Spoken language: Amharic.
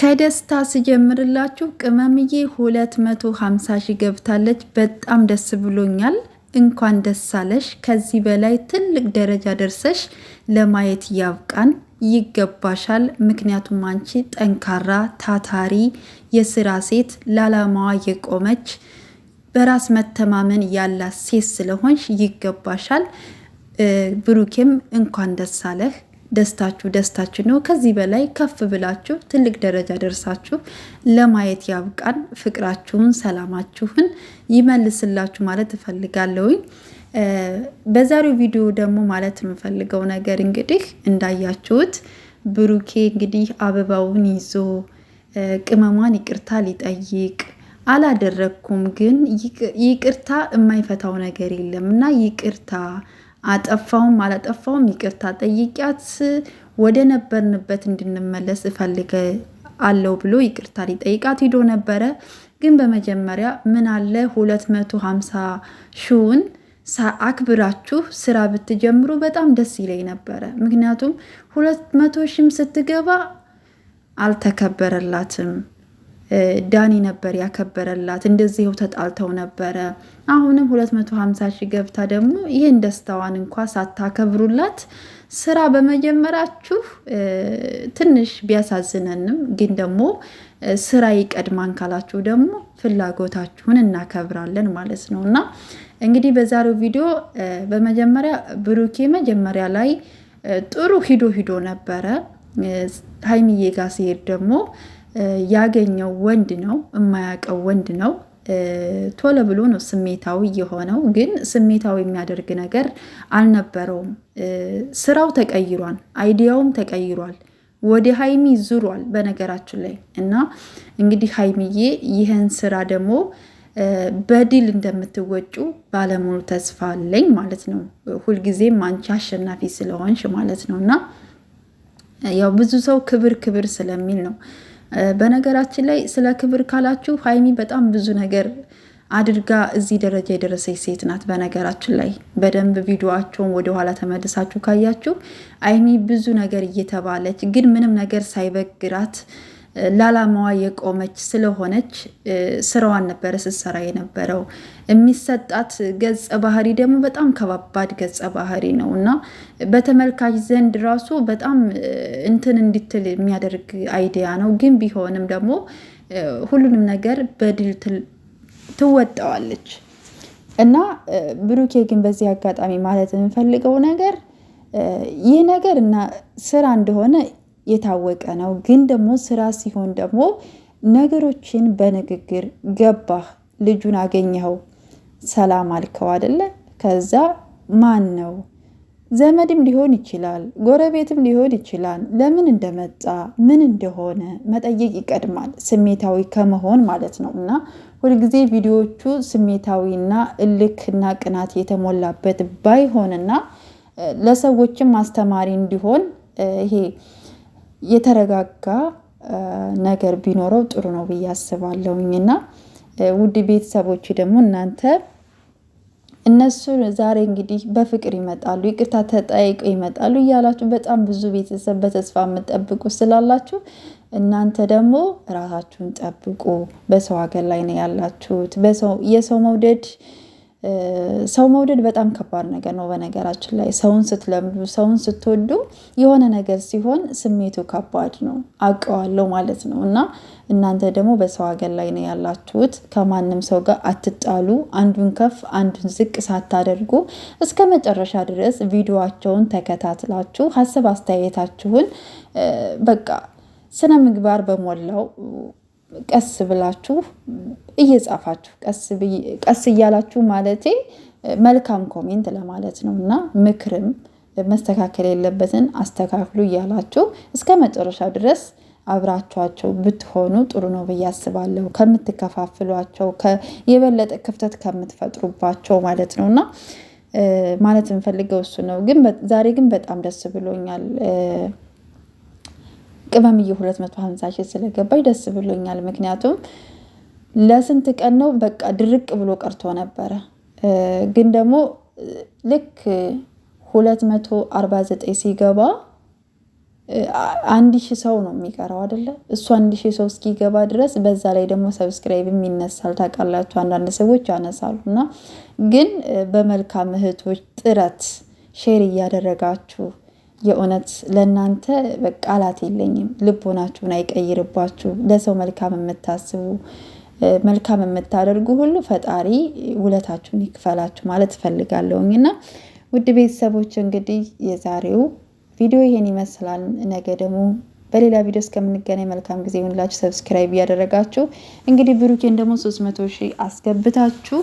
ከደስታ ስጀምርላችሁ ቅመምዬ 250 ሺ ገብታለች። በጣም ደስ ብሎኛል። እንኳን ደስ አለሽ። ከዚህ በላይ ትልቅ ደረጃ ደርሰሽ ለማየት ያብቃን። ይገባሻል። ምክንያቱም አንቺ ጠንካራ፣ ታታሪ፣ የስራ ሴት፣ ለዓላማዋ የቆመች በራስ መተማመን ያላት ሴት ስለሆንሽ ይገባሻል። ብሩኬም እንኳን ደስ አለህ። ደስታችሁ ደስታችሁ ነው። ከዚህ በላይ ከፍ ብላችሁ ትልቅ ደረጃ ደርሳችሁ ለማየት ያብቃን። ፍቅራችሁን፣ ሰላማችሁን ይመልስላችሁ ማለት እፈልጋለሁኝ። በዛሬው ቪዲዮ ደግሞ ማለት የምፈልገው ነገር እንግዲህ እንዳያችሁት ብሩኬ እንግዲህ አበባውን ይዞ ቅመሟን ይቅርታ ሊጠይቅ አላደረግኩም፣ ግን ይቅርታ የማይፈታው ነገር የለም እና ይቅርታ አጠፋውም አላጠፋውም ይቅርታ ጠይቂያት ወደ ነበርንበት እንድንመለስ እፈልገ አለው ብሎ ይቅርታ ሊጠይቃት ሂዶ ነበረ። ግን በመጀመሪያ ምን አለ 250 ሺውን አክብራችሁ ስራ ብትጀምሩ በጣም ደስ ይለኝ ነበረ። ምክንያቱም 200 ሺም ስትገባ አልተከበረላትም። ዳኒ ነበር ያከበረላት። እንደዚህው ተጣልተው ነበረ። አሁንም 250 ሺህ ገብታ ደግሞ ይህን ደስታዋን እንኳ ሳታከብሩላት ስራ በመጀመራችሁ ትንሽ ቢያሳዝነንም ግን ደግሞ ስራ ይቀድማን ካላችሁ ደግሞ ፍላጎታችሁን እናከብራለን ማለት ነው እና እንግዲህ በዛሬው ቪዲዮ በመጀመሪያ ብሩኬ መጀመሪያ ላይ ጥሩ ሂዶ ሂዶ ነበረ ሀይሚዬ ጋር ሲሄድ ደግሞ ያገኘው ወንድ ነው፣ የማያውቀው ወንድ ነው። ቶሎ ብሎ ነው ስሜታዊ የሆነው፣ ግን ስሜታዊ የሚያደርግ ነገር አልነበረውም። ስራው ተቀይሯል፣ አይዲያውም ተቀይሯል፣ ወደ ሀይሚ ዙሯል። በነገራችን ላይ እና እንግዲህ ሀይሚዬ ይህን ስራ ደግሞ በድል እንደምትወጩ ባለሙሉ ተስፋ አለኝ ማለት ነው። ሁልጊዜም አንቺ አሸናፊ ስለሆንሽ ማለት ነው እና ያው ብዙ ሰው ክብር ክብር ስለሚል ነው በነገራችን ላይ ስለ ክብር ካላችሁ ሀይሚ በጣም ብዙ ነገር አድርጋ እዚህ ደረጃ የደረሰች ሴት ናት። በነገራችን ላይ በደንብ ቪዲዮዋቸውን ወደኋላ ተመልሳችሁ ካያችሁ ሀይሚ ብዙ ነገር እየተባለች ግን ምንም ነገር ሳይበግራት ላላማዋ የቆመች ስለሆነች ስራዋን ነበረ ስትሰራ የነበረው። የሚሰጣት ገጸ ባህሪ ደግሞ በጣም ከባባድ ገጸ ባህሪ ነው እና በተመልካች ዘንድ ራሱ በጣም እንትን እንድትል የሚያደርግ አይዲያ ነው። ግን ቢሆንም ደግሞ ሁሉንም ነገር በድል ትወጣዋለች እና ብሩኬ ግን በዚህ አጋጣሚ ማለት የምፈልገው ነገር ይህ ነገር እና ስራ እንደሆነ የታወቀ ነው። ግን ደግሞ ስራ ሲሆን ደግሞ ነገሮችን በንግግር ገባህ፣ ልጁን አገኘኸው፣ ሰላም አልከው አደለ? ከዛ ማን ነው ዘመድም ሊሆን ይችላል፣ ጎረቤትም ሊሆን ይችላል። ለምን እንደመጣ ምን እንደሆነ መጠየቅ ይቀድማል፣ ስሜታዊ ከመሆን ማለት ነው። እና ሁልጊዜ ቪዲዮዎቹ ስሜታዊና እልክና ቅናት የተሞላበት ባይሆንና ለሰዎችም አስተማሪ እንዲሆን ይሄ የተረጋጋ ነገር ቢኖረው ጥሩ ነው ብዬ አስባለሁኝ። እና ውድ ቤተሰቦች ደግሞ እናንተ እነሱ ዛሬ እንግዲህ በፍቅር ይመጣሉ፣ ይቅርታ ተጠያይቀው ይመጣሉ እያላችሁ በጣም ብዙ ቤተሰብ በተስፋ የምጠብቁ ስላላችሁ እናንተ ደግሞ ራሳችሁን ጠብቁ። በሰው ሀገር ላይ ነው ያላችሁት። የሰው መውደድ ሰው መውደድ በጣም ከባድ ነገር ነው። በነገራችን ላይ ሰውን ስትለምዱ፣ ሰውን ስትወዱ የሆነ ነገር ሲሆን ስሜቱ ከባድ ነው። አውቀዋለሁ ማለት ነው። እና እናንተ ደግሞ በሰው ሀገር ላይ ነው ያላችሁት። ከማንም ሰው ጋር አትጣሉ። አንዱን ከፍ አንዱን ዝቅ ሳታደርጉ እስከ መጨረሻ ድረስ ቪዲዮቸውን ተከታትላችሁ ሀሳብ አስተያየታችሁን በቃ ስነ ምግባር በሞላው ቀስ ብላችሁ እየጻፋችሁ ቀስ እያላችሁ ማለቴ መልካም ኮሜንት ለማለት ነው እና ምክርም መስተካከል የለበትን አስተካክሉ እያላችሁ እስከ መጨረሻ ድረስ አብራችኋቸው ብትሆኑ ጥሩ ነው ብዬ አስባለሁ። ከምትከፋፍሏቸው የበለጠ ክፍተት ከምትፈጥሩባቸው ማለት ነው እና ማለት የምፈልገው እሱ ነው። ግን ዛሬ ግን በጣም ደስ ብሎኛል። ቅመምዬ 250 ሺህ ስለገባኝ ደስ ብሎኛል። ምክንያቱም ለስንት ቀን ነው በቃ ድርቅ ብሎ ቀርቶ ነበረ። ግን ደግሞ ልክ 249 ሲገባ አንድ ሺህ ሰው ነው የሚቀረው አይደለ? እሱ አንድ ሺህ ሰው እስኪገባ ድረስ በዛ ላይ ደግሞ ሰብስክራይብም ይነሳል። ታውቃላችሁ አንዳንድ ሰዎች ያነሳሉ እና ግን በመልካም እህቶች ጥረት ሼር እያደረጋችሁ የእውነት ለእናንተ ቃላት የለኝም። ልቦናችሁን አይቀይርባችሁ። ለሰው መልካም የምታስቡ መልካም የምታደርጉ ሁሉ ፈጣሪ ውለታችሁን ይክፈላችሁ ማለት እፈልጋለሁኝ እና ውድ ቤተሰቦች እንግዲህ የዛሬው ቪዲዮ ይሄን ይመስላል። ነገ ደግሞ በሌላ ቪዲዮ እስከምንገናኝ መልካም ጊዜ ይሁንላችሁ። ሰብስክራይብ እያደረጋችሁ እንግዲህ ብሩኬን ደግሞ ሶስት መቶ ሺህ አስገብታችሁ